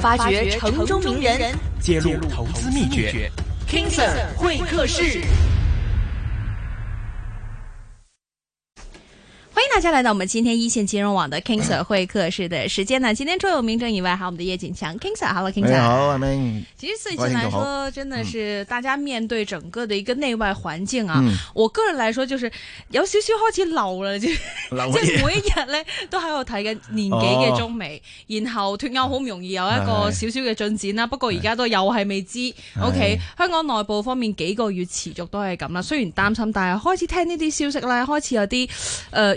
發掘城中名人，揭露投資秘訣。King Sir 會客室。接下來到我們今天一線金融網的 KingSir 會客室的時間呢，今天除咗名正以外，還有我們的葉景強 KingSir。King Hello，KingSir。好，阿 May。其實最近來說，真的是大家面對整個的一個內外環境啊。嗯、我個人來說，就是有少少開始老了，漏了 就即係每一日咧都喺度睇緊年幾嘅中美，哦、然後脱歐好唔容易有一個少少嘅進展啦。的不過而家都又係未知。OK，香港內部方面幾個月持續都係咁啦。雖然擔心，但係開始聽呢啲消息咧，開始有啲誒，呃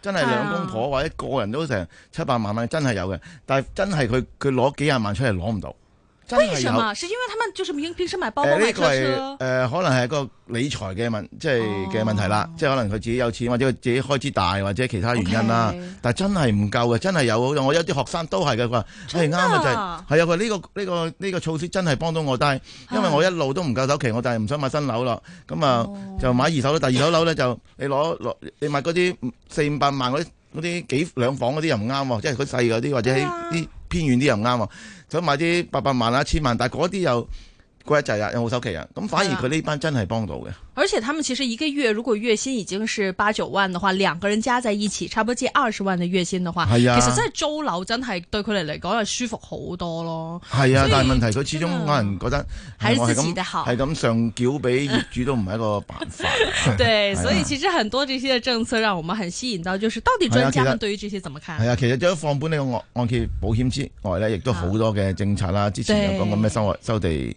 真係兩公婆或者個人都成七百萬蚊，真係有嘅。但係真係佢佢攞幾廿萬出嚟，攞唔到。為什麼？是因為他們就是平平時買包,包買車車，誒、呃這個呃，可能係一個理財嘅問，即係嘅、哦、問題啦。即係可能佢自己有錢，或者佢自己開支大，或者其他原因啦。哦 okay、但係真係唔夠嘅，真係有。我有啲學生都係嘅，佢話：，誒啱啊，就係、是，係啊。佢呢、這個呢、這個呢、這個這個措施真係幫到我，但係因為我一路都唔夠首期，我就係唔想買新樓咯。咁啊，就買二手咯。哦、但二手樓咧就你，你攞攞你買嗰啲四五百萬嗰啲嗰啲幾兩房嗰啲又唔啱喎，即係佢細嗰啲或者喺啲偏遠啲又唔啱喎。想買啲八百萬啊、一千萬，但係嗰啲又貴得滯啊，又冇首期啊，咁反而佢呢班真係幫到嘅。而且他們其實一個月如果月薪已經是八九萬的話，兩個人加在一起，差不多借二十萬的月薪的話，啊、其實真係租樓真係對佢哋嚟講係舒服好多咯。係啊，以但係問題佢、這個、始終可能覺得係咁係咁上繳俾業主都唔係一個辦法。 對， 啊、所以其實很多這些政策讓我們很吸引到，就是到底專家對於這些怎麼看？係啊，其實除咗放寬呢個按揭保險之外咧，亦都好多嘅政策啦。之前又講過咩收收地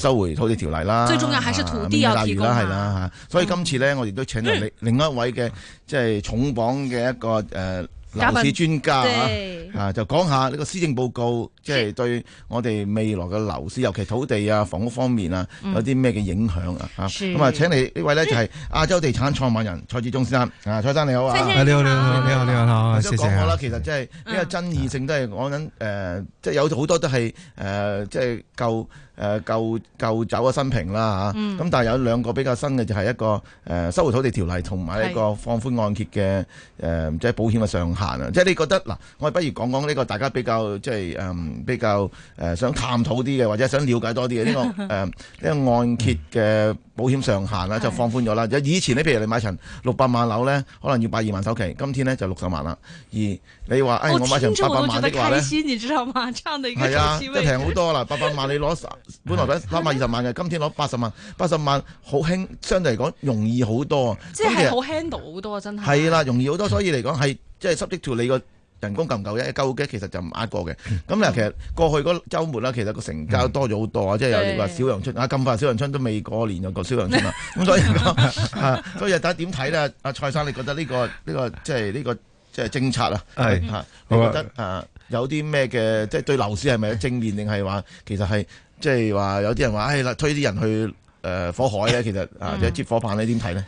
收回土地條例啦。啊、最重要還是土地要提供。啊啊！嗯、所以今次咧，我哋都請到另另一位嘅，即係重磅嘅一個誒、呃。樓市專家對啊，就講下呢個施政報告，即、就、係、是、對我哋未來嘅樓市，尤其土地啊、房屋方面啊，有啲咩嘅影響啊？咁、嗯、啊，請你呢位咧就係、是、亞洲地產創辦人蔡志忠先生。啊，蔡先生你好啊！謝謝你好，你好，你好，你好，多好謝，謝。咁啊，都講咗啦，其實即係呢個爭議性都，都係講緊誒，即、就、係、是、有好多都係誒，即係舊誒舊舊走嘅新評啦吓。咁、啊啊、但係有兩個比較新嘅，就係一個誒收回土地條例，同埋一個放寬按揭嘅誒即係保險嘅上。即係你覺得嗱，我哋不如講講呢個大家比較即係誒比較誒想探討啲嘅，或者想了解多啲嘅呢個誒呢個按揭嘅保險上限啦，就放寬咗啦。以前咧，譬如你買層六百萬樓咧，可能要八二萬首期，今天咧就六十萬啦。而你話誒，我買層八百萬嘅話咧，係啊，即係平好多啦。八百萬你攞本來得八百二十萬嘅，今天攞八十萬，八十萬好輕，相對嚟講容易好多。即係好 handle 好多，真係係啦，容易好多，所以嚟講係。即係 subject to 你個人工夠唔夠啫？夠嘅其實就唔呃過嘅。咁啊，其實過去嗰週末啦，其實個成交多咗好多啊！即係有話小陽春啊，咁快小陽春都未過年就講小陽春啦。咁所以講啊，所以大家點睇咧？阿蔡生，你覺得呢個呢個即係呢個即係政策啊？係嚇，你覺得啊，有啲咩嘅即係對樓市係咪正面，定係話其實係即係話有啲人話，唉啦，推啲人去誒火海咧。其實啊，接火棒咧，點睇咧？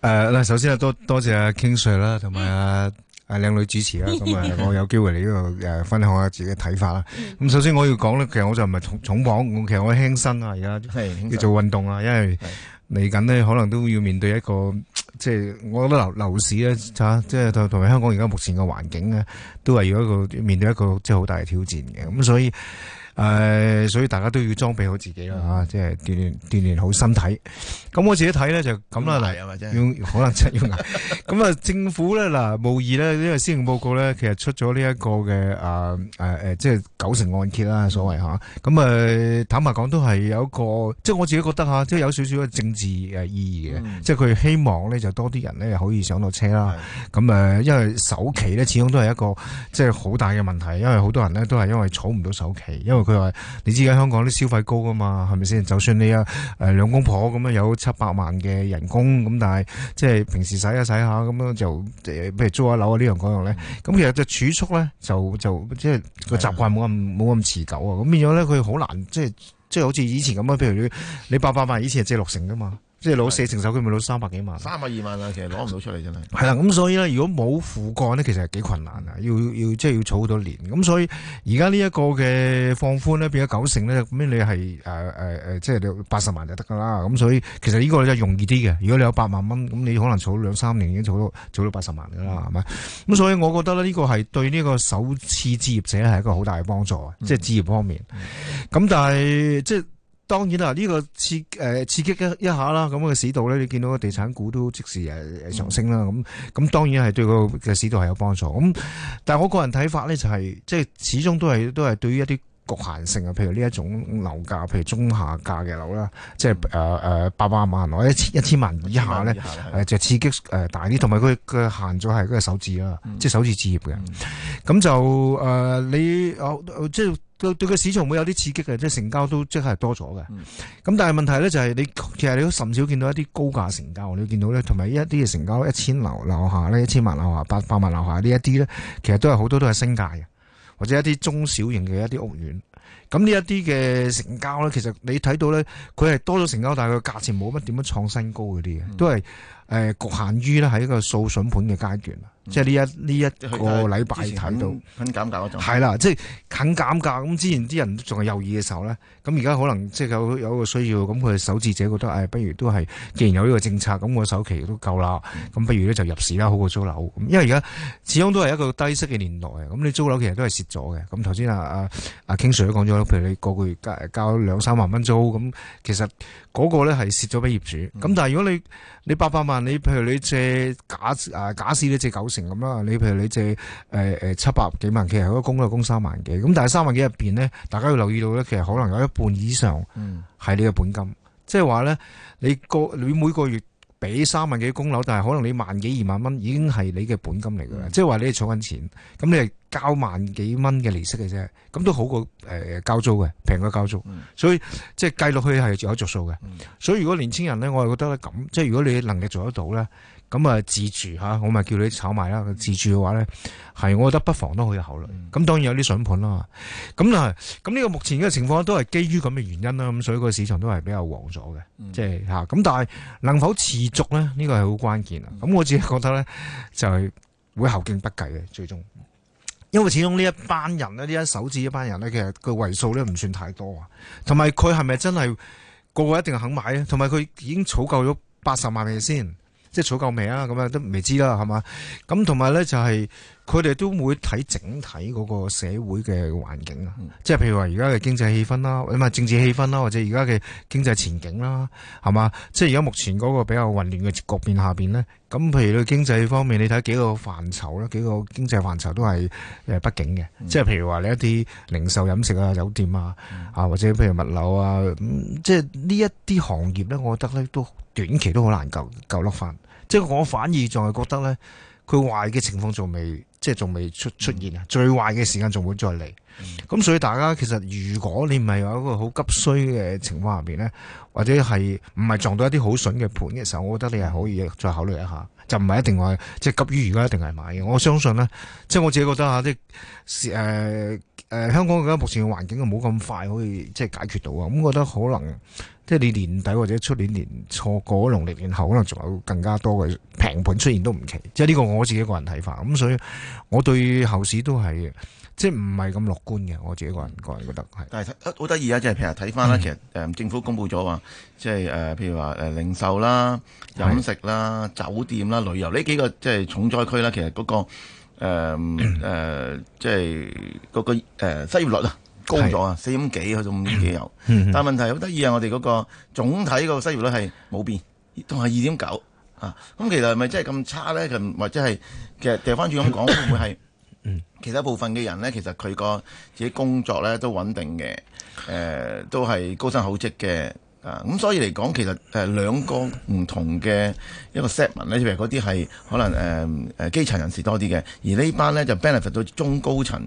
誒，嗱，首先啊，多多謝阿 King Sir 啦，同埋阿。啊，靚女主持啦，咁啊，我有機會嚟呢度誒分享下自己嘅睇法啦。咁首先我要講咧，其實我就唔係重重磅，其實我輕身啊，而家要做運動啊，因為嚟緊呢可能都要面對一個即係我覺得樓樓市咧，即係同埋香港而家目前嘅環境咧，都係要一個面對一個即係好大嘅挑戰嘅，咁所以。誒，所以大家都要裝備好自己啦，嚇，即係鍛鍊鍛鍊好身體。咁我自己睇咧就咁啦，嚟係咪先？可能真埋牙。咁啊，政府咧嗱，無疑呢，因為施政報告咧，其實出咗呢一個嘅啊誒誒，即係九成按揭啦，所謂嚇。咁啊，坦白講都係有一個，即係我自己覺得嚇，即係有少少嘅政治誒意義嘅。即係佢希望咧就多啲人咧可以上到車啦。咁誒，因為首期咧始終都係一個即係好大嘅問題，因為好多人咧都係因為湊唔到首期，因為佢話：你知嘅香港啲消費高啊嘛，係咪先？就算你啊誒、呃、兩公婆咁樣，有七百萬嘅人工咁，但係即係平時使下使下咁樣就誒，譬如租下樓啊呢樣嗰樣咧，咁其實就儲蓄咧就就即係個習慣冇咁冇咁持久啊。咁變咗咧，佢好難即係即係好似以前咁樣。譬如你你八百萬以前係借六成噶嘛。即係攞四成首期咪攞三百幾萬，三百二萬啦！其實攞唔到出嚟真係。係啦、嗯、咁、嗯、所以咧，如果冇父幹咧，其實係幾困難啊！要要即係要儲好多年。咁、嗯、所以而家呢一個嘅放寬咧，變咗九成咧，咁你係誒誒誒，即係你八十萬就得噶啦。咁、嗯、所以其實呢個你就容易啲嘅。如果你有八萬蚊，咁你可能儲兩三年已經儲到儲到八十萬噶啦，係咪、嗯？咁所以我覺得咧，呢個係對呢個首次置業者係一個好大嘅幫助。即係置業方面。咁、嗯嗯、但係即係。當然啦，呢、這個刺誒刺激一一下啦，咁嘅市道咧，你見到個地產股都即時誒上升啦，咁咁、嗯、當然係對個嘅市道係有幫助。咁但係我個人睇法咧、就是，就係即係始終都係都係對於一啲局限性啊，譬如呢一種樓價，譬如中下價嘅樓啦，即係誒誒八百萬或者一千一千萬以下咧，誒就刺激誒大啲。同埋佢嘅限咗係嗰個首置啦，即係首置置業嘅。咁就誒、呃、你、呃、即係。對對個市場會有啲刺激嘅，即係成交都即係多咗嘅。咁、嗯、但係問題咧就係、是、你其實你都甚少見到一啲高價成交，你見到咧同埋一啲嘅成交 1, 1, 一千樓樓下咧，一千萬樓下八百萬樓下呢一啲咧，其實都係好多都係升價嘅，或者一啲中小型嘅一啲屋苑。咁呢一啲嘅成交咧，其實你睇到咧，佢係多咗成交，但係佢價錢冇乜點樣創新高嗰啲嘅，嗯、都係誒侷限於咧喺一個掃筍盤嘅階段。即係呢一呢一、嗯、個禮拜睇到很減價嗰係啦，即係度肯減價咁。的減減之前啲人仲係猶豫嘅時候咧，咁而家可能即係有有個需要，咁佢首置者覺得，唉、哎，不如都係既然有呢個政策，咁我首期都夠啦，咁不如咧就入市啦，好過租樓。因為而家始終都係一個低息嘅年代，咁你租樓其實都係蝕咗嘅。咁頭先啊啊啊 King Sir 都講咗，譬如你個個月交交兩三萬蚊租，咁其實嗰個咧係蝕咗俾業主。咁但係如果你你八百萬，你譬如你借假啊假，假使你借九。咁啦，你譬如你借誒誒七百幾萬，其實嗰個供樓供三萬幾，咁但係三萬幾入邊咧，大家要留意到咧，其實可能有一半以上係你嘅本金，即係話咧，你個你每個月俾三萬幾供樓，但係可能你萬幾二萬蚊已經係你嘅本金嚟㗎喇，即係話你係儲緊錢，咁你係，交萬幾蚊嘅利息嘅啫，咁都好過誒交租嘅，平過交租，嗯、所以即係計落去係仲有著數嘅。嗯、所以如果年青人咧，我係覺得咧咁，即係如果你能力做得到咧，咁啊自住嚇，我咪叫你炒賣啦。自住嘅話咧，係我覺得不妨都可以考慮。咁、嗯、當然有啲筍盤啦，咁啊咁呢個目前嘅情況都係基於咁嘅原因啦。咁所以個市場都係比較旺咗嘅，即係嚇咁。但係能否持續咧？呢、呢個係好關鍵啊。咁、嗯嗯、我自己覺得咧就係、是、會後勁不繼嘅，最終。因為始終呢一班人咧，呢一手指一班人咧，其實佢為數咧唔算太多啊。同埋佢係咪真係個個一定肯買咧？同埋佢已經儲夠咗八十萬未先，即係儲夠未啊？咁樣都未知啦，係嘛？咁同埋咧就係、是。佢哋都會睇整體嗰個社會嘅環境啊，嗯、即係譬如話而家嘅經濟氣氛啦，或者係政治氣氛啦，或者而家嘅經濟前景啦，係嘛？即係而家目前嗰個比較混亂嘅局面下邊咧，咁譬如對經濟方面，你睇幾個範疇啦，幾個經濟範疇都係誒不景嘅。嗯、即係譬如話你一啲零售飲食啊、酒店啊、嗯、啊，或者譬如物流啊、嗯，即係呢一啲行業咧，我覺得咧都短期都好難救救得返。即係我反而仲係覺得咧。佢壞嘅情況仲未，即係仲未出出現啊！最壞嘅時間仲會再嚟，咁、嗯、所以大家其實如果你唔係話一個好急需嘅情況下邊咧，或者係唔係撞到一啲好筍嘅盤嘅時候，我覺得你係可以再考慮一下，就唔係一定話即係急於而家一定係買嘅。我相信咧，即係我自己覺得嚇，即係誒、呃呃、香港而家目前嘅環境冇咁快可以即係解決到啊，咁、嗯、覺得可能。即係你年底或者出年年錯過農曆年後，可能仲有更加多嘅平盤出現都唔奇。即係呢個我自己個人睇法咁，所以我對後市都係即係唔係咁樂觀嘅。我自己個人,個人覺得係。但係好得意啊！即係成日睇返啦，嗯、其實誒政府公布咗話，即係誒譬如話誒零售啦、飲食啦、是酒店啦、旅遊呢幾個即係重災區啦，其實嗰、那個誒、呃嗯呃、即係嗰個失業率啦。高咗啊，四點幾去到五點幾有， 但係問題好得意啊！我哋嗰個總體個失業率係冇變，同係二點九啊。咁、嗯、其實係咪真係咁差咧？或者係其實掉翻轉咁講，會唔會係其他部分嘅人咧？其實佢個自己工作咧都穩定嘅，誒、呃、都係高薪厚職嘅啊。咁、嗯、所以嚟講，其實誒、呃、兩個唔同嘅一個 segment 咧，譬如嗰啲係可能誒誒、呃呃、基層人士多啲嘅，而班呢班咧就 benefit 到中高層。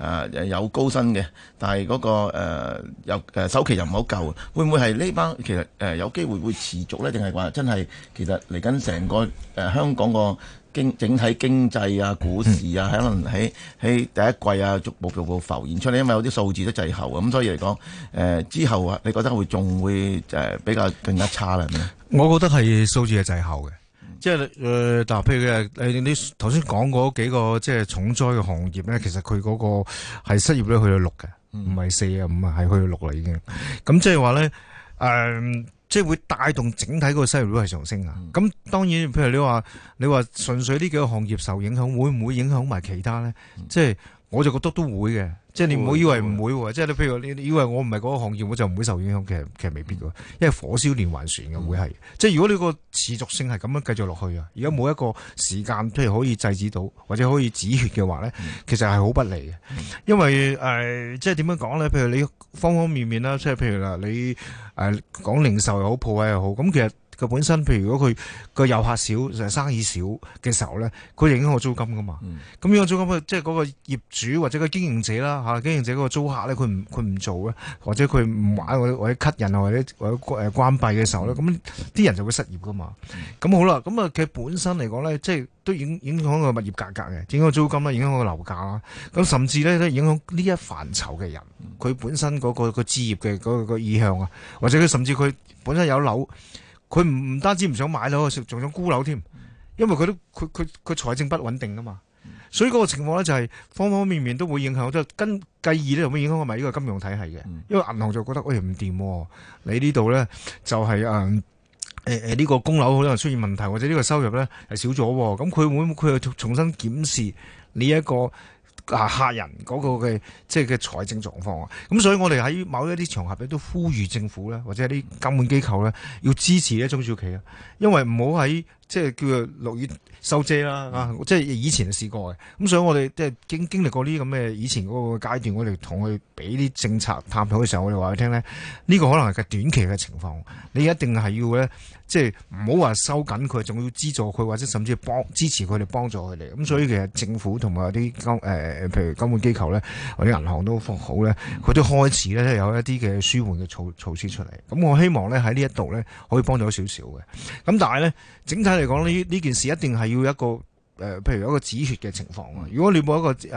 誒誒、啊、有高薪嘅，但係嗰、那個誒又、呃啊、首期又唔好夠，會唔會係呢班其實誒、呃、有機會會持續咧？定係話真係其實嚟緊成個誒、呃、香港個經整體經濟啊、股市啊，可能喺喺第一季啊逐步逐步浮現出嚟，因為有啲數字都滯後啊，咁、嗯、所以嚟講誒之後啊，你覺得會仲會誒、呃、比較更加差咧？係咪？我覺得係數字嘅滯後嘅。即係誒，但譬如嘅，你你頭先講嗰幾個即係重災嘅行業咧，其實佢嗰個係失業率去到六嘅，唔係四啊，五啊，係去到六啦已經。咁即係話咧，誒、呃，即係會帶動整體嗰個失業率係上升啊。咁當然，譬如你話你話純粹呢幾個行業受影響，會唔會影響埋其他咧？即係、就是、我就覺得都會嘅。即係你唔好以為唔會，即係你譬如你以為我唔係嗰個行業，我就唔會受影響。其實其實未必噶，因為火燒連環船嘅會係，即係、嗯、如果你個持續性係咁樣繼續落去啊，而家冇一個時間譬如可以制止到或者可以止血嘅話咧，其實係好不利嘅。因為誒、呃，即係點樣講咧？譬如你方方面面啦，即係譬如嗱，你誒講零售又好，鋪位又好，咁其實。佢本身，譬如如果佢個遊客少，成生意少嘅時候咧，佢影響個租金噶嘛。咁影響租金，即係嗰個業主或者個經營者啦嚇、啊，經營者嗰個租客咧，佢唔佢唔做咧，或者佢唔玩或者或者吸引啊或者或者誒關閉嘅時候咧，咁啲人就會失業噶嘛。咁、嗯、好啦，咁啊佢本身嚟講咧，即係都影影響個物業價格嘅，影響租金啦，影響個樓價啦。咁甚至咧都影響呢一範疇嘅人，佢本身嗰、嗰個、嗰個置業嘅嗰個意向啊，或者佢甚至佢本身有樓。佢唔唔單止唔想買樓，仲想沽樓添，因為佢都佢佢佢財政不穩定啊嘛，嗯、所以嗰個情況咧就係方方面面都會影響咗。跟繼而呢，又會影響我咪呢個金融體系嘅，因為銀行就覺得喂唔掂，你呢度咧就係誒誒呢個供樓可能出現問題，或者呢個收入咧係少咗、哦，咁佢會佢又重新檢視呢一個。啊！客人嗰個嘅即係嘅財政狀況啊，咁所以我哋喺某一啲場合咧都呼籲政府咧或者啲監管機構咧要支持咧中小企啊，因為唔好喺。即係叫做落雨收遮啦，啊！即係以前試過嘅，咁所以我哋即係經經歷過啲咁嘅以前嗰個階段，我哋同佢俾啲政策探討嘅時候，我哋話佢聽呢，呢個可能係個短期嘅情況，你一定係要呢，即係唔好話收緊佢，仲要資助佢，或者甚至幫支持佢哋幫助佢哋。咁所以其實政府同埋啲金誒，譬如金管機構呢，或者銀行都好呢，佢都開始呢，有一啲嘅舒緩嘅措措施出嚟。咁我希望呢，喺呢一度呢，可以幫助少少嘅。咁但係呢。整體嚟講呢，呢件事一定係要一個誒、呃，譬如一個止血嘅情況啊！如果你冇一個誒誒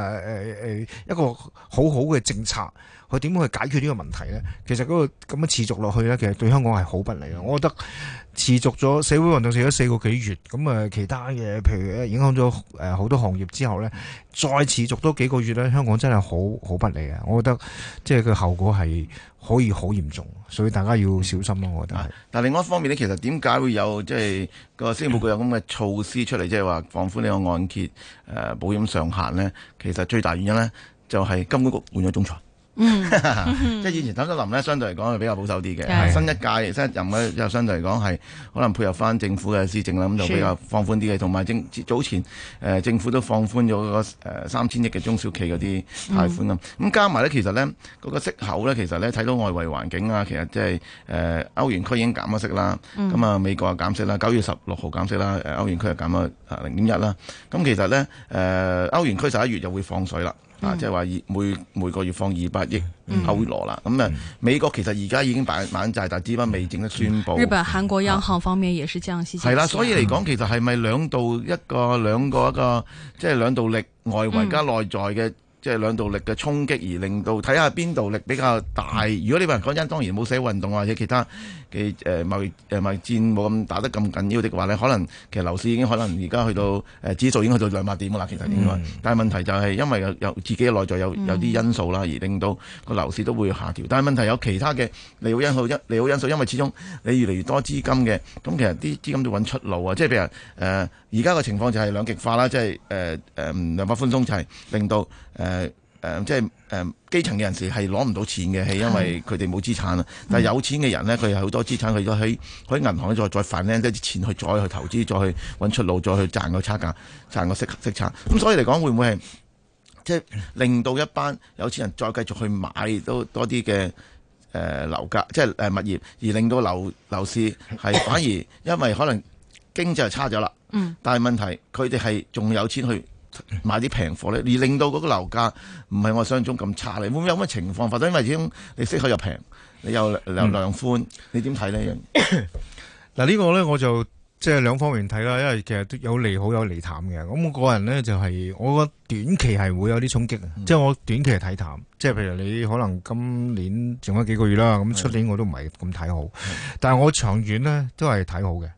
誒一個好好嘅政策，佢點樣去解決呢個問題咧？其實嗰、那個咁樣持續落去咧，其實對香港係好不利啊！我覺得持續咗社會運動社咗四個幾月，咁啊，其他嘅譬如影響咗誒好多行業之後咧，再持續多幾個月咧，香港真係好好不利啊！我覺得即係個後果係可以好嚴重。所以大家要小心咯、啊，我覺得。啊、但係另外一方面咧，其實點解會有即係個消保局有咁嘅措施出嚟，嗯、即係話放寬呢個按揭誒保險上限咧？其實最大原因咧，就係、是、金管局換咗總裁。嗯、 即係以前陳德霖咧，相對嚟講係比較保守啲嘅的。新一屆新一任呢，又相對嚟講係可能配合翻政府嘅施政啦，咁的就比較放寬啲嘅。同埋早前誒、呃，政府都放寬咗嗰個誒、呃、三千億嘅中小企嗰啲貸款咁。咁、嗯、加埋咧，其實呢嗰、那個息口呢，其實呢睇到外圍環境啊，其實即係誒歐元區已經減咗息啦，咁啊、嗯、美國啊減息啦，九月十六號減息啦，誒歐元區又減咗零點一啦。咁其實呢，誒、呃、歐元區十一月就會放水啦。啊！即係話二每每個月放二百億歐羅啦，咁啊美國其實而家已經擺晚債，但只不過未整得宣布。日本、韓國央行方面也是降息。係啦，所以嚟講其實係咪兩度一個兩個一個即係兩度力外圍加內在嘅即係兩度力嘅衝擊而令到睇下邊度力比較大？如果你話講真，當然冇寫運動或者其他。嘅誒，貿誒貿戰冇咁打得咁緊要的話咧，可能其實樓市已經可能而家去到誒、呃、指數已經去到兩百點啦，其實應該。但係問題就係因為有有自己嘅內在有有啲因素啦，而令到個樓市都會下調。但係問題有其他嘅利好因素，利好因素，因為始終你越嚟越多資金嘅，咁其實啲資金都搵出路啊。即係譬如誒，而家個情況就係兩極化啦，即係誒誒兩百寬鬆就係令到誒。呃誒、呃、即係誒、呃、基層嘅人士係攞唔到錢嘅，係因為佢哋冇資產啊！但係有錢嘅人咧，佢有好多資產，佢都喺喺、嗯、銀行再再翻拎啲錢去再去投資，再去揾出路，再去賺個差價，賺個息息差。咁、嗯、所以嚟講，會唔會係即係令到一班有錢人再繼續去買都多啲嘅誒樓價，即係誒物業，而令到樓樓市係反而因為可能經濟係差咗啦。嗯、但係問題佢哋係仲有錢去。買啲平貨咧，而令到嗰個樓價唔係我想象中咁差。你會唔會有咩情況發生？因為始終你息口又平，你又流量寬，嗯、你點睇咧？嗱呢、嗯嗯這個咧，我就即係兩方面睇啦，因為其實有利好有利淡嘅。咁、那、我個人咧就係、是、我覺得短期係會有啲衝擊，即係、嗯、我短期係睇淡。即係譬如你可能今年剩翻幾個月啦，咁出年我都唔係咁睇好，的但係我長遠呢都係睇好嘅，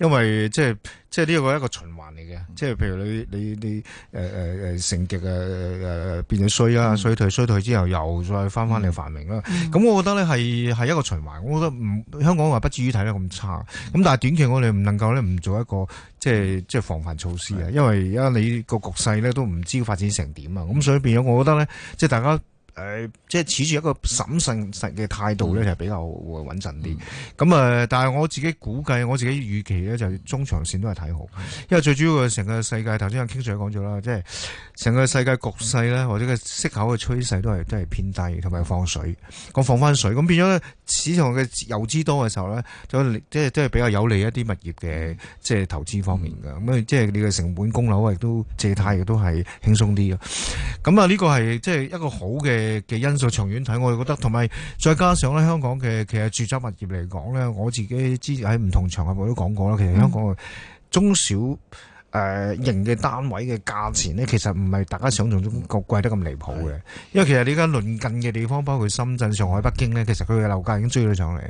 因為即係即係呢個係一個循環嚟嘅。即係譬如你你你誒誒誒成極誒誒誒變咗衰啊，衰退衰退之後又再翻翻嚟繁榮啦。咁的我覺得呢係係一個循環，我覺得唔香港話不至於睇得咁差。咁但係短期我哋唔能夠呢，唔做一個即係即係防範措施啊，因為而家你個局勢呢都唔知發展成點啊。咁所以變咗，我覺得呢，即係大家。誒、呃，即係持住一個審慎態、嗯、實嘅態度咧，就比較穩陣啲。咁啊、嗯，但係我自己估計，我自己預期咧，就係、是、中長線都係睇好，因為最主要個成個世界，頭先阿 k i n s l e 講咗啦，即係成個世界局勢咧，或者個息口嘅趨勢都係都係偏低，同埋放水。咁放翻水，咁變咗市場嘅油脂多嘅時候咧，就即係都係比較有利一啲物業嘅即係投資方面嘅。咁啊，即係你嘅成本供樓亦都借貸亦都係輕鬆啲嘅。咁啊，呢個係即係一個好嘅。嘅嘅因素，長遠睇，我哋覺得，同埋再加上咧，香港嘅其實住宅物業嚟講咧，我自己之前喺唔同場合我都講過啦。其實香港中小誒型嘅單位嘅價錢咧，其實唔係大家想象中咁貴得咁離譜嘅。因為其實你而家鄰近嘅地方，包括深圳、上海、北京咧，其實佢嘅樓價已經追咗上嚟。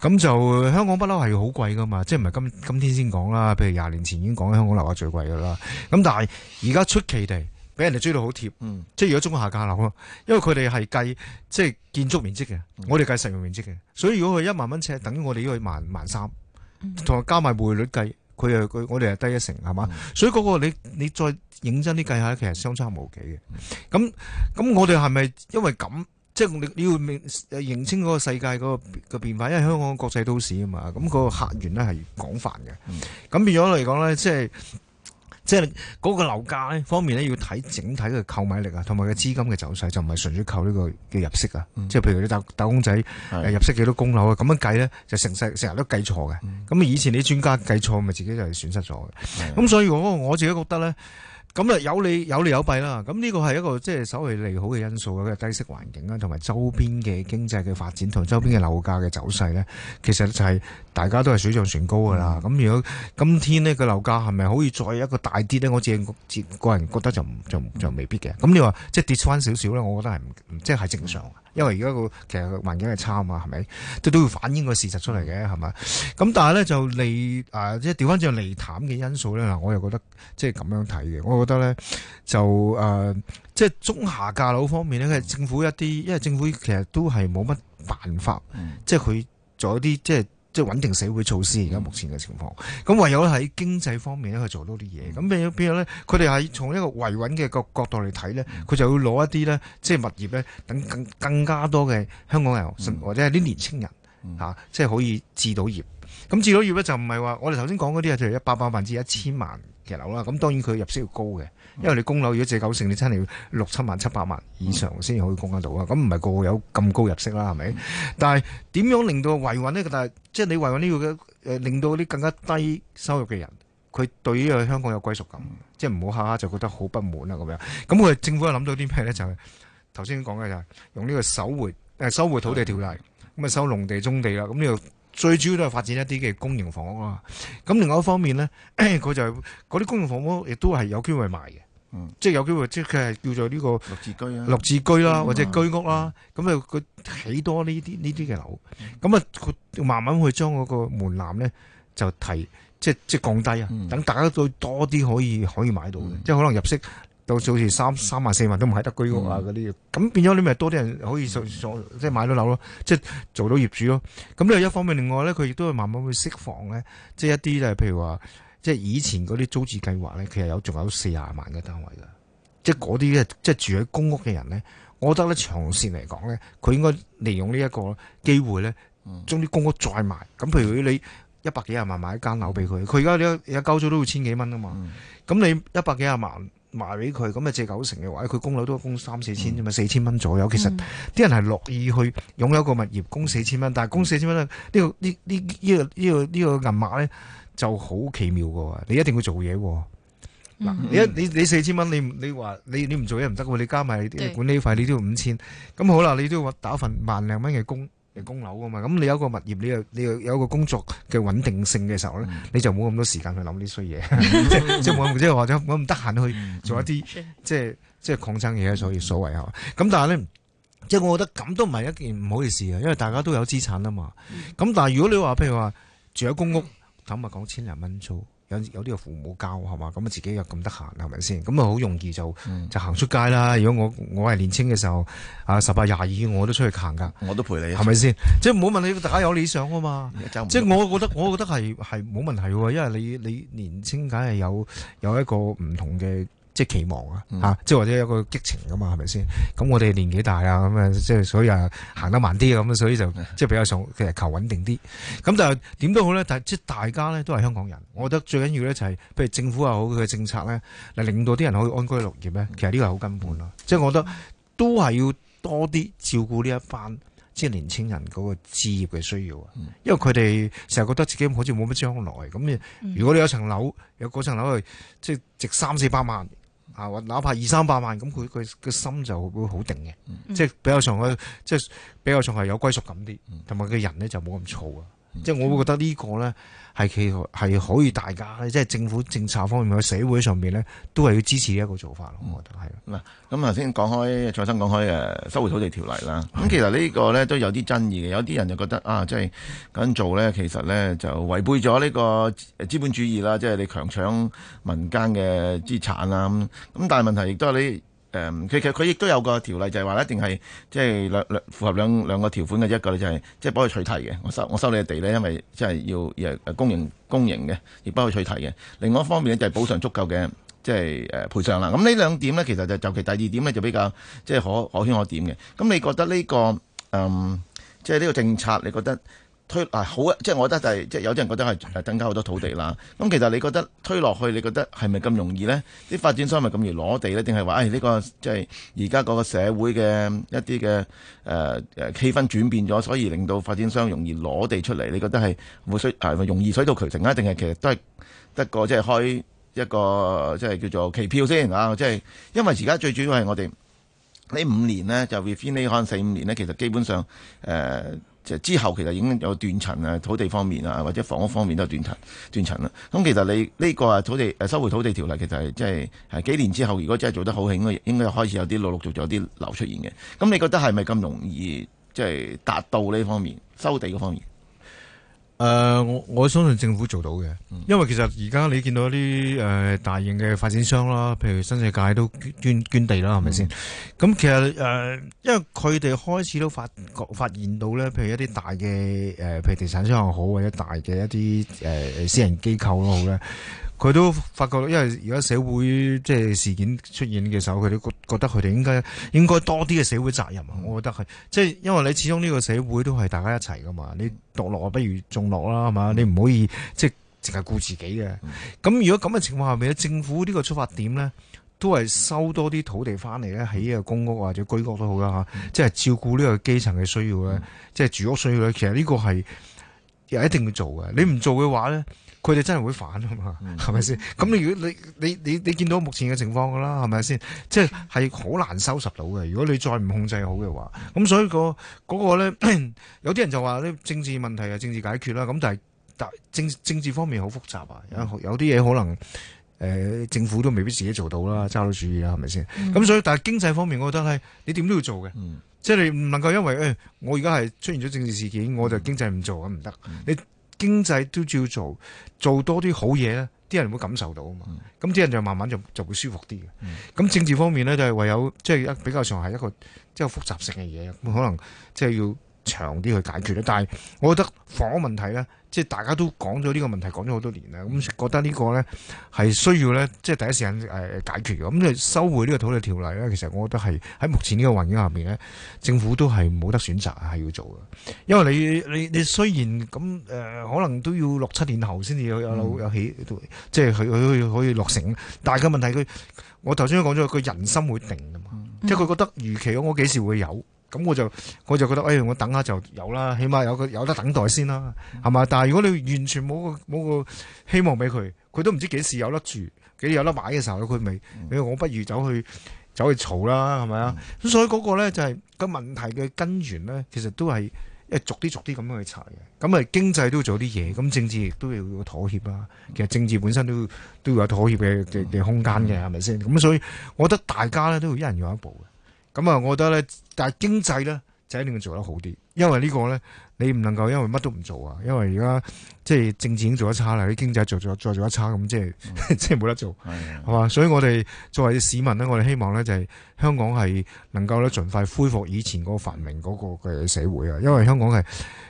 咁就香港不嬲係好貴噶嘛，即係唔係今今天先講啦。譬如廿年前已經講香港樓價最貴噶啦。咁但係而家出奇地。俾人哋追到好貼，即係如果中下價樓咯，因為佢哋係計即係建築面積嘅，我哋計實用面積嘅，所以如果佢一萬蚊尺，等於我哋要去萬萬三，同埋加埋匯率計，佢又佢我哋又低一成係嘛？所以嗰個你你再認真啲計下，其實相差無幾嘅。咁咁我哋係咪因為咁，即係你你要明認清嗰個世界嗰個嘅變化，因為香港國際都市啊嘛，咁個客源咧係廣泛嘅。咁變咗嚟講咧，即係。即係嗰個樓價咧方面咧，要睇整體嘅購買力啊，同埋嘅資金嘅走勢，就唔係純粹靠呢個嘅入息啊。嗯、即係譬如你打打工仔，入息幾多供樓啊？咁是的 樣計咧，就成世成日都計錯嘅。咁、嗯、以前啲專家計錯，咪自己就係損失咗嘅。咁是的 所以我我自己覺得咧。咁啊，有利有利有弊啦。咁呢個係一個即係所謂利好嘅因素嘅，低息環境啦，同埋周邊嘅經濟嘅發展同周邊嘅樓價嘅走勢咧，其實就係大家都係水漲船高噶啦。咁如果今天咧個樓價係咪可以再一個大跌咧？我自自個人覺得就唔就就未必嘅。咁你話即係跌翻少少咧，我覺得係唔即係正常，因為而家個其實個環境係差啊嘛，係咪都都會反映個事實出嚟嘅，係咪？咁但係咧就利誒，即係調翻轉利淡嘅因素咧，嗱，我又覺得即係咁樣睇嘅。覺得咧就誒，即係中下價樓方面咧，佢係政府一啲，因為政府其實都係冇乜辦法，即係佢做一啲即係即係穩定社會措施。而家目前嘅情況，咁唯有喺經濟方面咧去做到啲嘢。咁變咗，變咗咧，佢哋喺從一個維穩嘅角角度嚟睇咧，佢就要攞一啲咧，即係物業咧，等更更加多嘅香港人，或者係啲年輕人吓，即係可以置到業。咁置到業咧就唔係話我哋頭先講嗰啲啊，就一百百萬至一千萬。嘅樓啦，咁當然佢入息要高嘅，因為你供樓如果借九成，你真係要六七萬、七百萬以上先可以供得到啊！咁唔係個個有咁高入息啦，係咪？但係點樣令到維穩咧？但係即係你維穩呢個嘅誒，令到啲更加低收入嘅人，佢對於香港有歸屬感，即係唔好下下就覺得好不滿啦咁樣。咁佢政府又諗到啲咩咧？就係頭先講嘅就係用呢個收回誒收回土地條例，咁啊收農地、中地啦，咁呢個。最主要都係發展一啲嘅公營房屋啦，咁另外一方面咧，佢就嗰啲公營房屋亦都係有機會賣嘅，嗯、即係有機會，即係佢係叫做呢、呢個綠置居、啊、綠置居啦、啊，或者居屋啦、啊，咁啊佢起多呢啲呢啲嘅樓，咁啊佢慢慢去將嗰個門檻咧就提，即係即係降低啊，等、嗯、大家都多啲可以可以買到嘅，即係可能入息。嗯到時好似三三萬四萬都唔係得居屋啊嗰啲，咁、嗯、變咗你咪多啲人可以做做即係買到樓咯，即係、嗯、做到業主咯。咁咧一方面，另外咧佢亦都會慢慢去釋放咧，即、就、係、是、一啲就係譬如話，即、就、係、是、以前嗰啲租置計劃咧，其實有仲有四十萬嘅單位㗎。即係嗰啲即係住喺公屋嘅人咧，我覺得咧長線嚟講咧，佢應該利用呢一個機會咧，將啲公屋再賣。咁譬如你一百幾廿萬買一間樓俾佢，佢而家而家交租都要千幾蚊啊嘛。咁、嗯、你一百幾廿萬。賣俾佢咁咪借九成嘅話，佢供樓都供三四千啫嘛，嗯、四千蚊左右。其實啲人係樂意去擁有一個物業，供四千蚊。但係供四千蚊咧，呢、嗯這個呢呢呢個呢、這個呢、這個銀碼咧就好奇妙嘅喎。你一定要做嘢喎、啊。嗱、嗯，你你你四千蚊，你你話你你唔做嘢唔得喎。你加埋管理費，你都要五千。咁對 好啦，你都要打份萬零蚊嘅工。供樓啊嘛，咁你有一個物業，你又你又有一個工作嘅穩定性嘅時候咧，你就冇咁多時間去諗呢衰嘢，即係即係或者我唔得閒去做一啲 即係即係抗爭嘢，所以所謂係，咁但係咧，即係我覺得咁都唔係一件唔好嘅事啊，因為大家都有資產啊嘛，咁但係如果你話譬如話住喺公屋，咁啊講千零蚊租。有有啲嘅父母教係嘛，咁啊自己又咁得閒係咪先？咁啊好容易就、嗯、就行出街啦。如果我我係年青嘅時候，啊十八廿二我都出去行㗎，我都陪你係咪先？吧即係冇問你，大家有理想啊嘛。即係我覺得 我覺得係係冇問題嘅，因為你你年青梗係有有一個唔同嘅。即係期望啊，嚇、嗯！即係或者有個激情噶嘛，係咪先？咁我哋年紀大啊，咁啊，即係所以啊，行得慢啲啊，咁啊，所以就即係比較想其實求穩定啲。咁但係點都好咧，但係即係大家咧都係香港人，我覺得最緊要咧就係，譬如政府又好佢嘅政策咧，令到啲人可以安居樂業咧，其實呢個係好根本咯。即係、嗯、我覺得都係要多啲照顧呢一班即係、就是、年青人嗰個置業嘅需要啊，嗯、因為佢哋成日覺得自己好似冇乜將來咁。如果你有層樓，嗯、有嗰層樓係即係值三四百萬。啊，哪怕二三百萬，咁佢佢個心就會好定嘅、嗯，即係比較上嘅，即係比較上係有歸屬感啲，同埋佢個人咧就冇咁燥。啊。即係、嗯、我會覺得呢個呢係企係可以大家，即、就、係、係、政府政策方面嘅社會上邊呢都係要支持一個做法咯。我覺得係。嗱，咁頭先講開，蔡生講開誒、uh, 收回土地條例啦。咁唉其實呢個呢都有啲爭議嘅，有啲人就覺得啊，即係咁做呢，其實呢就違背咗呢個資本主義啦，即係你強搶民間嘅資產啊咁。咁、嗯、但係問題亦都係你。誒，其實佢亦都有個條例，就係、是、話一定係即係兩符合兩兩個條款嘅，一個就係即係幫佢取替嘅。我收我收你嘅地咧，因為即係、就是、要誒公營公營嘅，亦幫佢取替嘅。另外一方面咧，就係、是、補償足夠嘅，即係誒賠償啦。咁、呃嗯、呢兩點咧，其實就尤其第二點咧，就比較即係、就是、可可圈可點嘅。咁、嗯、你覺得呢、這個誒，即係呢個政策，你覺得？推啊好啊，好即係我覺得就係、是、即係有啲人覺得係增加好多土地啦。咁、啊、其實你覺得推落去，你覺得係咪咁容易呢？啲發展商係咪咁易攞地呢？定係話誒呢個即係而家嗰個社會嘅一啲嘅誒誒氣氛轉變咗，所以令到發展商容易攞地出嚟？你覺得係會水誒、啊、容易水到渠成啊？定係其實都係得個即係開一個即係、就是、叫做期票先啊？即、啊、係、就是、因為而家最主要係我哋呢五年呢，就 refinance 四五年咧，其實基本上誒。呃。之後其實已經有斷層啊，土地方面啊，或者房屋方面都有斷層，斷層啦。咁其實你呢個啊土地收回土地條例其實係即係係幾年之後，如果真係做得好，應該應該開始有啲陸陸續續有啲樓出現嘅。咁你覺得係咪咁容易即係、就是、達到呢方面收地嗰方面？誒、呃，我我相信政府做到嘅，因為其實而家你見到啲誒、呃、大型嘅發展商啦，譬如新世界都捐捐地啦，係咪先？咁、嗯嗯、其實誒、呃，因為佢哋開始都發發現到咧，譬如一啲大嘅誒、呃，譬如地產商又好，或者大嘅一啲誒、呃、私人機構都好咧。嗯 佢都發覺，因為而家社會即係事件出現嘅時候，佢都覺覺得佢哋應該應該多啲嘅社會責任啊！我覺得係，即係因為你始終呢個社會都係大家一齊噶嘛，你獨樂不如眾樂啦，係嘛？你唔可以即係淨係顧自己嘅。咁如果咁嘅情況下邊咧，政府呢個出發點咧，都係收多啲土地翻嚟咧，起個公屋或者居屋都好啦嚇，即係照顧呢個基層嘅需要咧，嗯、即係住屋需要咧。其實呢個係又一定要做嘅，你唔做嘅話咧。佢哋真係會反啊嘛，係咪先？咁你如果你你你你見到目前嘅情況㗎啦，係咪先？即係係好難收拾到嘅。如果你再唔控制好嘅話，咁所以、個嗰個咧， 有啲人就話呢，政治問題啊，政治解決啦。咁但係大政政治方面好複雜啊，有有啲嘢可能誒、呃、政府都未必自己做到啦，揸到主意啦，係咪先？咁所以但係經濟方面，我覺得咧，你點都要做嘅，即係你唔能夠因為誒、哎、我而家係出現咗政治事件，我就經濟唔做咁唔得。你經濟都照做，做多啲好嘢咧，啲人會感受到啊嘛。咁啲、嗯、人就慢慢就就會舒服啲嘅。咁、嗯、政治方面咧，就係唯有即係比較上係一個即係、即係、複雜性嘅嘢，咁可能即係要長啲去解決咧，但係我覺得房屋問題咧，即係大家都講咗呢個問題講咗好多年啦，咁覺得呢個咧係需要咧，即係第一時間誒解決嘅。咁你收回呢個土地條例咧，其實我覺得係喺目前呢個環境下面咧，政府都係冇得選擇係要做嘅。因為你你你雖然咁誒、呃，可能都要六七年後先至有有起，嗯、即係佢佢可以落成。但係個問題佢，我頭先都講咗，佢人心會定㗎嘛，即係佢覺得預期我幾時會有？咁我就我就覺得，哎，我等下就有啦，起碼有個有得等待先啦，係嘛？但係如果你完全冇個冇個希望俾佢，佢都唔知幾時有得住，幾時有得買嘅時候，佢咪，嗯、我不如走去走去吵啦，係咪啊？咁、嗯、所以嗰個咧就係、是、個問題嘅根源咧，其實都係一逐啲逐啲咁樣去查嘅。咁啊，經濟都要做啲嘢，咁政治亦都要妥協啦。其實政治本身都都有妥協嘅嘅嘅空間嘅，係咪先？咁、嗯、所以，我覺得大家咧都要一人用一步嘅。咁啊、嗯，我覺得咧，但係經濟咧就一定要做得好啲，因為個呢個咧你唔能夠因為乜都唔做啊，因為而家即係政治已經做得差啦，啲經濟做做再做得差，咁，即係即係冇得做，係嘛、嗯？所以我哋作為市民咧，我哋希望咧就係、是、香港係能夠咧盡快恢復以前嗰個繁榮嗰個嘅社會啊，因為香港係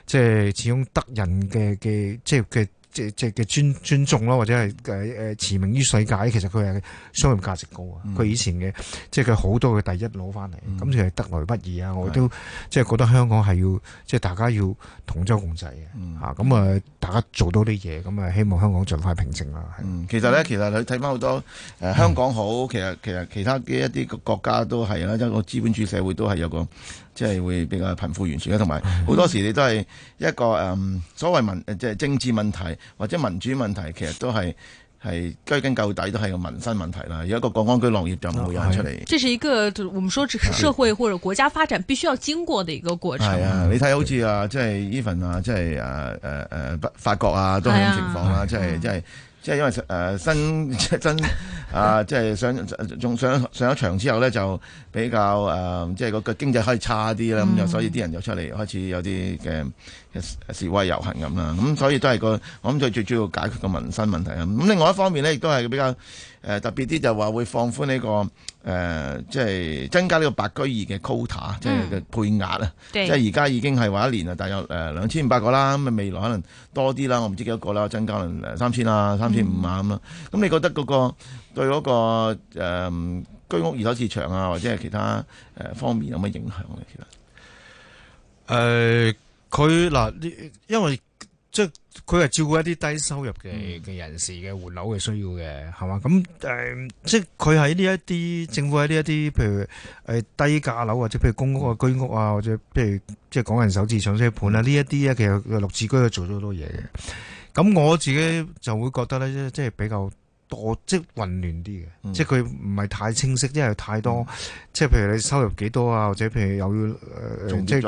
即係始終得人嘅嘅即係嘅。即係即係嘅尊尊重咯，或者係誒誒馳名於世界，其實佢係商業價值高啊！佢、嗯、以前嘅 即係佢好多嘅第一攞翻嚟，咁亦係得來不易啊！我都即係覺得香港係要即係、就是、大家要同舟共濟嘅吓，咁啊大家做到啲嘢，咁啊希望香港盡快平靜啦。嗯，其實咧，其實你睇翻好多誒、呃、香港好，其實其實其他嘅一啲國家都係啦，一個資本主義社會都係有個即係、就是、會比較貧富懸殊啦，同埋好多時你都係一個誒所謂民即係政治問題。嗯嗯啊啊嗯或者民主問題其實都係係歸根究底都係個民生問題啦，有一個國安居樂業就唔會有出嚟。這是一個，我們說社會或者國家發展必須要經過的一個過程。係啊，你睇好似啊，即係呢 n 啊，即係誒誒誒法國啊，都係咁情況啦，就是，即係即係。即係因為誒、呃、新新啊、呃，即係上仲上上咗場之後咧，就比較誒、呃，即係個經濟可以差啲啦，咁就、嗯、所以啲人就出嚟開始有啲嘅示威遊行咁啦，咁所以都係個我諗最最主要解決個民生問題啦。咁另外一方面咧，亦都係比較。誒特別啲就話會放寬呢、這個誒，即、呃、係、就是、增加呢個白居二嘅 quota，、嗯、即係嘅配額啦。對即係而家已經係話一年啊，大約誒兩千五百個啦。咁啊，未來可能多啲啦，我唔知幾多個啦，增加誒三千啦，三千五啊咁咯。咁你覺得嗰個對嗰、那個、呃、居屋二手市場啊，或者係其他誒方面有咩影響咧？其實誒，佢嗱、呃，因為即係。佢係照顧一啲低收入嘅嘅人士嘅換樓嘅需要嘅，係嘛、嗯？咁誒、呃，即係佢喺呢一啲政府喺呢一啲，譬如誒、呃、低價樓或者譬如公屋啊、居屋啊，或者譬如即係港人首次上車盤啊呢一啲啊，其實綠置居佢做咗好多嘢嘅。咁我自己就會覺得咧，即係比較。多即混亂啲嘅，即係佢唔係太清晰，因為太多，即係譬如你收入幾多啊，或者譬如有誒，有啲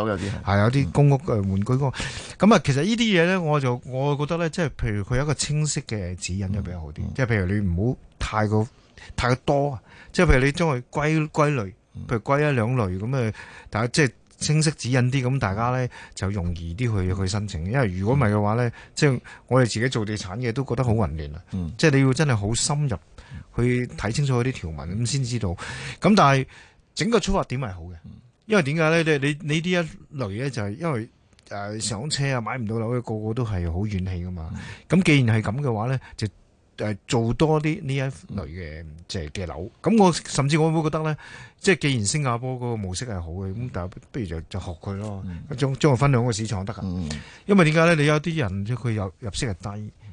係有啲公屋誒換、嗯呃、居屋，咁啊，其實呢啲嘢咧，我就我覺得咧，即係譬如佢有一個清晰嘅指引就比較好啲，嗯、即係譬如你唔好太過太多，即係譬如你將佢歸歸類，譬如歸一兩類咁啊，大家即係。清晰指引啲咁，大家咧就容易啲去去申請。因為如果唔係嘅話咧，嗯、即係我哋自己做地產嘅都覺得好混亂啊！嗯、即係你要真係好深入去睇清楚嗰啲條文咁先知道。咁但係整個出發點係好嘅，因為點解咧？即係你你呢一類咧，就係因為誒上車啊買唔到樓嘅個個都係好怨氣㗎嘛。咁既然係咁嘅話咧，就。誒做多啲呢一類嘅即係嘅樓，咁、嗯、我甚至我會覺得咧，即係既然新加坡嗰個模式係好嘅，咁但係不如就就學佢咯，將將佢分兩個市場得噶，嗯、因為點解咧？你有啲人佢入入息係低，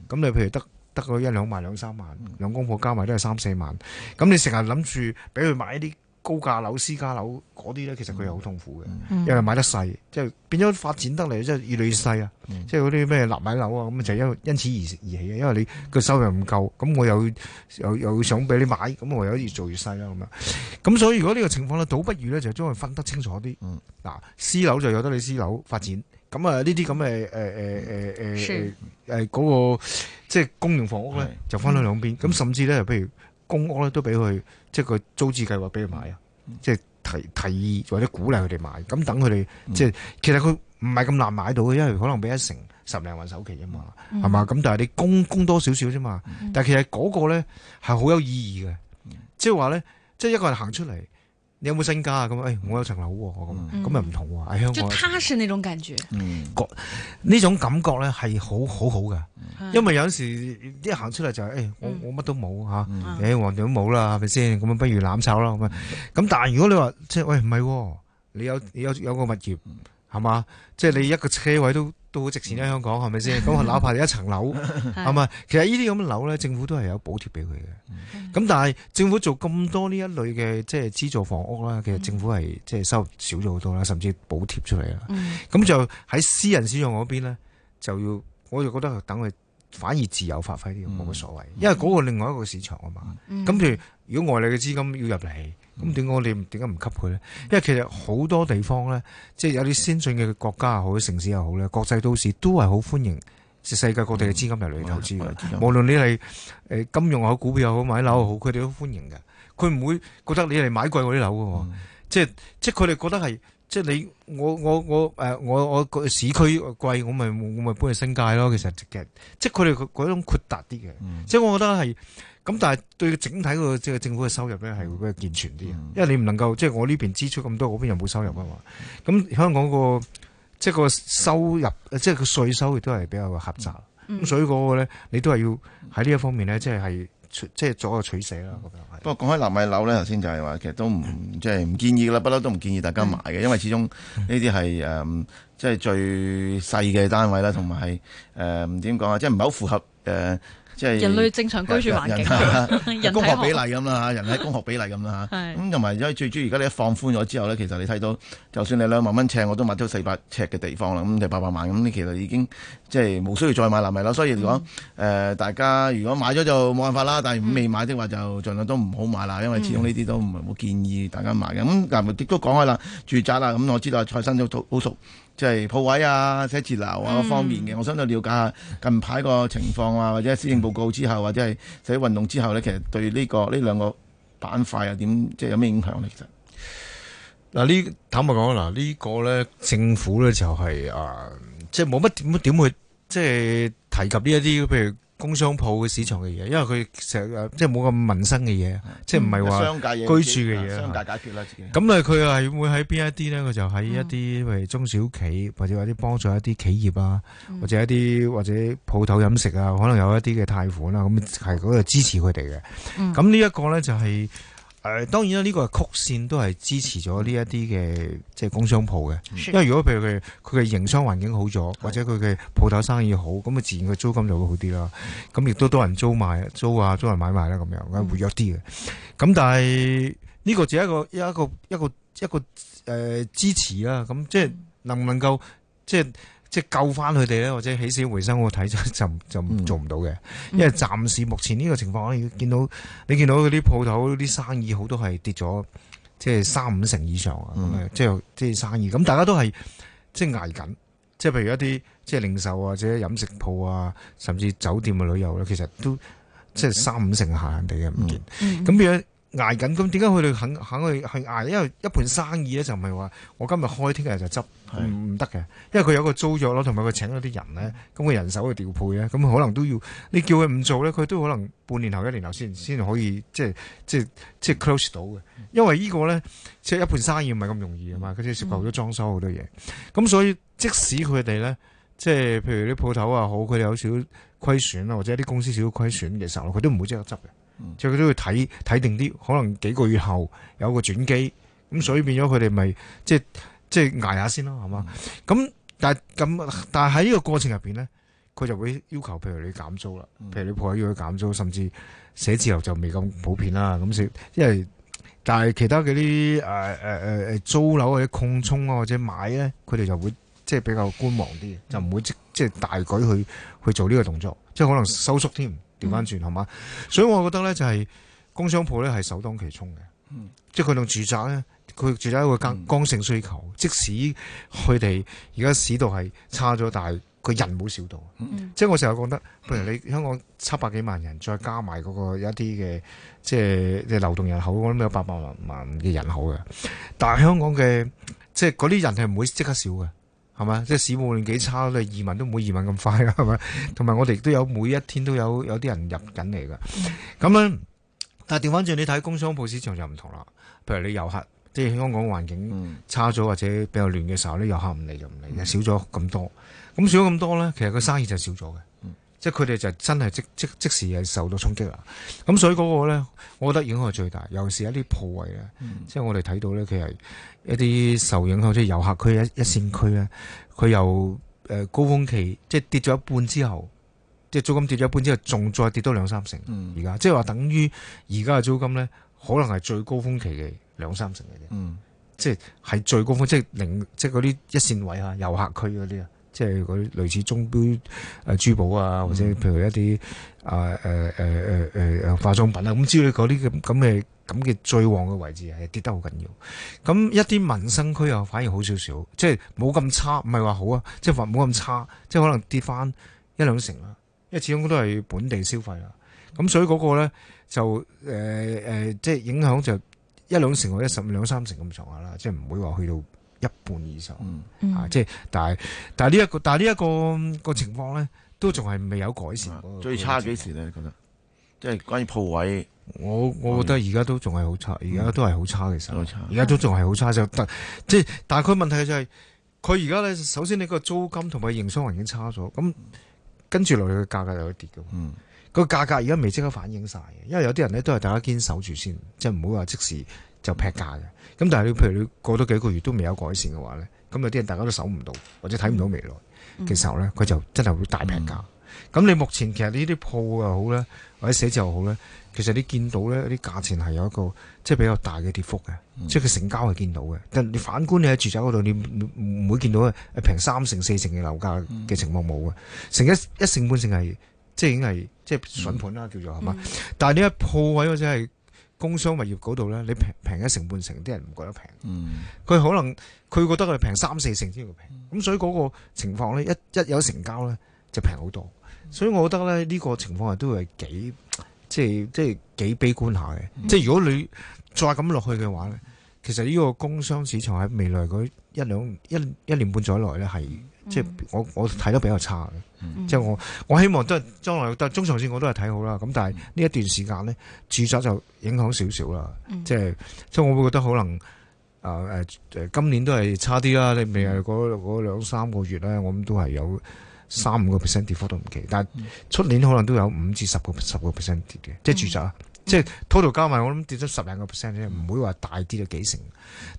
咁你譬如得得個一兩萬、兩三萬，嗯、兩公婆加埋都係三四萬，咁你成日諗住俾佢買啲，高價樓、私家樓嗰啲咧，其實佢係好痛苦嘅，嗯、因為買得細，即、就、係、是、變咗發展得嚟，嗯、即係越嚟越細啊！即係嗰啲咩納米樓啊，咁就因因此而而起啊！因為你個收入唔夠，咁我又又又想俾你買，咁我又越做越細啦咁樣。咁所以如果呢個情況咧，倒不如咧就將佢分得清楚啲。嗱、嗯，私樓就有得你私樓發展。咁啊，呢啲咁嘅誒誒誒誒誒嗰個即係、就是、公用房屋咧，就分喺兩邊。咁、嗯嗯、甚至咧，譬如。公屋咧都俾佢，即係嗯、即係佢租置計劃俾佢買啊，即係提提議或者鼓勵佢哋買。咁等佢哋，嗯、即係其實佢唔係咁難買到嘅，因為可能俾一成十零萬首期啫嘛，係嘛？咁但係你供供多少少啫嘛？但係其實嗰個咧係好有意義嘅，即係話咧，即係一個人行出嚟。你有冇身家啊？咁、哎、啊，我有層樓，我咁咁又唔同喎。喺香港就踏實那種感覺，嗯，呢種感覺咧係好好好噶，嗯、因為有陣時一行出嚟就係、是，誒、哎，我我乜都冇吓，誒，黃碟都冇啦，係咪先？咁啊，不如攬炒啦咁啊。咁但係如果你話即係，喂，唔係、啊，你有你有有個物業係嘛？即係你一個車位都。都好值錢喺香港，係咪先？咁哪怕你一層樓，係咪？其實呢啲咁嘅樓咧，政府都係有補貼俾佢嘅。咁、嗯、但係政府做咁多呢一類嘅即係資助房屋啦，其實政府係即係收入少咗好多啦，甚至補貼出嚟啦。咁、嗯嗯、就喺私人市場嗰邊咧，就要我就覺得等佢反而自由發揮啲，冇乜所謂。因為嗰個另外一個市場啊嘛。咁、嗯嗯、譬如如果外嚟嘅資金要入嚟。咁點解我哋點解唔吸佢咧？因為其實好多地方咧，即係有啲先進嘅國家又好，城市又好咧，國際都市都係好歡迎世界各地嘅資金入嚟投資嘅。嗯、無論你係誒金融又好，股票又好，買樓又好，佢哋都歡迎嘅。佢唔會覺得你係買貴我啲樓嘅喎、嗯。即係即係佢哋覺得係即係你我我我誒我我市區貴，我咪我咪搬去新界咯。其實嘅、就是，即係佢哋嗰種豁達啲嘅。嗯、即係我覺得係。咁但係對整體個即係政府嘅收入咧係會比較健全啲，嗯、因為你唔能夠即係、就是、我呢邊支出咁多，嗰邊又冇收入啊嘛。咁香港個即係個收入，即、就、係、是、個稅收亦都係比較狹窄。咁、嗯、所以嗰個咧，你都係要喺呢一方面咧，即係係即係作個取捨啦。就是就是嗯、不過講開納米樓咧，頭先就係話其實都唔即係唔建議啦，不嬲都唔建議大家買嘅，嗯、因為始終呢啲係誒即係最細嘅單位啦，同埋誒唔點講啊，即係唔係好符合誒。呃即係人類正常居住環境人，人工學、學比例咁啦嚇，人體工學比例咁啦嚇。咁同埋因為最主要而家你一放寬咗之後咧，其實你睇到就算你兩萬蚊尺，我都買到四百尺嘅地方啦。咁、嗯、就八、是、百萬咁，你、嗯嗯、其實已經即係冇需要再買樓咪啦。所以嚟講，誒、呃、大家如果買咗就冇辦法啦。但係未買的話就儘量都唔好買啦，因為始終呢啲都唔係好建議大家買嘅。咁但係亦都講開啦，住宅啦咁、嗯，我知道蔡生都好熟。即係鋪位啊、寫字樓啊方面嘅，嗯、我想去了解下近排個情況啊，或者施政報告之後，或者係寫運動之後咧，其實對呢、呢個呢兩個板塊又有點即係有咩影響咧？其實嗱，呢坦白講嗱，呢、呢個咧政府咧就係、是、啊、呃，即係冇乜點點去即係提及呢一啲譬如，工商鋪嘅市場嘅嘢，因為佢成日即係冇咁民生嘅嘢，嗯、即係唔係話居住嘅嘢，商界解決啦。咁啊，佢又係會喺邊一啲咧？佢就喺一啲譬如中小企，嗯、或者有啲幫助一啲企業啊、嗯，或者一啲或者鋪頭飲食啊，可能有一啲嘅貸款啊。咁係嗰度支持佢哋嘅。咁呢一個咧就係、是。誒，當然啦，呢、這個係曲線都係支持咗呢一啲嘅，即係工商鋪嘅。因為如果譬如佢佢嘅營商環境好咗，或者佢嘅鋪頭生意好，咁啊自然個租金就會好啲啦。咁亦都多人租埋租啊，租人，啊啊、買埋啦，咁樣啊活躍啲嘅。咁但係呢、這個只係一個一個一個一個誒、呃、支持啦，啊。咁即係能唔能夠即係？即係救翻佢哋咧，或者起死回生，我睇就就就做唔到嘅，嗯、因為暫時目前呢個情況咧，見到、嗯、你見到嗰啲鋪頭啲生意好多係跌咗，即係三五成以上啊，嗯、即係即係生意，咁大家都係即係捱緊，即係譬如一啲即係零售啊，或者飲食鋪啊，甚至酒店嘅旅遊，咧，其實都即係三五成下下地嘅唔見。咁變咗。嗯捱緊，咁點解佢哋肯肯去去捱？因為一盤生意咧就唔係話我今日開，聽日就執，唔得嘅。因為佢有個租約咯，同埋佢請咗啲人咧，咁佢人手去調配咧，咁可能都要你叫佢唔做咧，佢都可能半年後、一年後先先可以即係即係即係 close 到嘅。因為個呢個咧即係一盤生意唔係咁容易啊嘛，佢即係涉及咗裝修好多嘢。咁、嗯、所以即使佢哋咧即係譬如啲鋪頭啊好，佢哋有少虧損啊，或者啲公司少少虧損嘅時候，佢都唔會即刻執嘅。即係佢都要睇睇定啲，可能幾個月後有個轉機，咁所以變咗佢哋咪即係即係捱下先咯，係嘛？咁但係咁，但係喺呢個過程入邊咧，佢就會要求譬如你減租啦，譬如你破約要佢減租，甚至寫字樓就未咁普遍啦。咁少，因為但係其他嗰啲誒誒誒誒租樓或者擴充啊，或者買咧，佢哋就會即係、就是、比較觀望啲，就唔會即即係大舉去去做呢個動作，即、就、係、是、可能收縮添，調翻轉係嘛，所以我覺得咧就係工商鋪咧係首當其衝嘅。嗯、即係佢同住宅咧，佢住宅有一個剛性需求，嗯、即使佢哋而家市道係差咗，但係個人冇少到，嗯、即係我成日覺得，譬如你香港七百幾萬人，再加埋嗰個一啲嘅即係流動人口，我諗有八百萬嘅人口嘅，但係香港嘅即係嗰啲人係唔會即刻少嘅。係嘛，即係市務亂幾差咧，移民都唔會移民咁快啦，係嘛。同埋我哋都有每一天都有有啲人入緊嚟㗎。咁樣，但係調翻轉你睇工商鋪市場就唔同啦。譬如你遊客，即係香港環境差咗或者比較亂嘅時候咧，遊客唔嚟就唔嚟嘅，就少咗咁多。咁少咗咁多咧，其實個生意就少咗嘅。即係佢哋就真係即即即時係受到衝擊啦。咁所以嗰個咧，我覺得影響係最大。尤其是一啲鋪位咧，嗯、即係我哋睇到咧，佢係一啲受影響，即係遊客區一一線區咧，佢、嗯、由誒高峰期即係跌咗一半之後，即係租金跌咗一半之後，仲再跌多兩三成。而家、嗯、即係話等於而家嘅租金咧，可能係最高峰期嘅兩三成嘅啫。嗯、即係係最高峰，即係零，即係嗰啲一線位呀，遊客區嗰啲啊。即係啲類似鐘錶啊、珠寶啊，或者譬如一啲啊、誒、呃、誒、呃、誒、呃、誒、呃、化妝品啊，咁之類嗰啲咁咁嘅咁嘅最旺嘅位置係跌得好緊要。咁一啲民生區又反而好少少，即係冇咁差，唔係話好啊，即係話冇咁差，即係可能跌翻一兩成啦。因為始終都係本地消費啊，咁所以嗰個咧就誒誒、呃，即係影響就一兩成或者一十兩三成咁上下啦，即係唔會話去到一半以上，嗯、啊，即、就、係、是、但係但係呢一個但係呢一個、嗯、個情況咧，都仲係未有改善。最差幾時咧？你覺得即係、就是、關於鋪位，我我覺得而家都仲係好差，而家都係好差嘅實。而家都仲係好差、嗯、就是，即係但係佢問題就係、是，佢而家咧首先你個租金同埋營商已經差咗，咁跟住落嚟嘅價格又一跌㗎。嗯、個價格而家未即刻反映晒嘅，因為有啲人咧都係大家堅守住先，即係唔好話即時就劈價嘅。咁但係你譬如你過多幾個月都未有改善嘅話咧，咁有啲人大家都守唔到或者睇唔到未來嘅時候咧，佢就真係會大劈價。咁你目前其實呢啲鋪又好咧，或者寫字樓又好咧，其實你見到咧啲價錢係有一個即係比較大嘅跌幅嘅，即係佢成交係見到嘅。但你反觀你喺住宅嗰度，你唔會見到係平三成四成嘅樓價嘅情況冇嘅，成一一成半成係即係已經係即係筍盤啦叫做係嘛。但係呢一鋪位或者係。工商物業嗰度呢，你平平一成半成，啲人唔覺得平。嗯，佢可能佢覺得佢平三四成先會平。咁、嗯、所以嗰個情況呢，一一有成交呢，就平好多。嗯、所以我覺得呢，呢個情況係都係幾即係即係幾悲觀下嘅。嗯、即係如果你再咁落去嘅話呢，其實呢個工商市場喺未來嗰一兩一一年半左右呢，係、嗯。即係我我睇得比較差嘅，嗯、即係我我希望都係將來，但係中長線我都係睇好啦。咁但係呢一段時間咧，住宅就影響少少啦、嗯。即係即係我會覺得可能啊誒誒，今年都係差啲啦。你未嚟嗰兩三個月咧，我諗都係有三五個 percent 跌幅都唔奇。但係出年可能都有五至十個十個 percent 跌嘅，即係住宅。嗯嗯即係 total 加埋，我諗跌咗十零個 percent 啫，唔會話大啲啊幾成。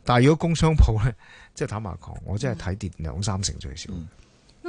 但係如果工商鋪咧，即係坦白講，我真係睇跌兩三成最少。嗯。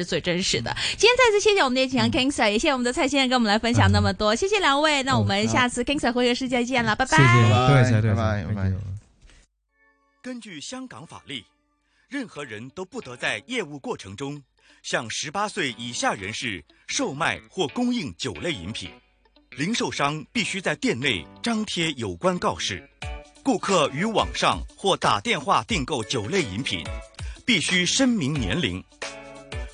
最真實的。今天再次謝謝我們的蔣 King Sir、嗯、 也謝謝我們的蔡先生跟我們來分享那麼多，嗯、謝謝兩位。哦、那我們下次 King Sir 會客室再見啦，嗯、拜拜。謝謝，拜拜，拜拜。根據香港法例，任何人都不得在業務過程中向十八歲以下人士售賣或供應酒類飲品。零售商必須在店內張貼有關告示。顧客於網上或打電話訂購酒類飲品，必須聲明年齡。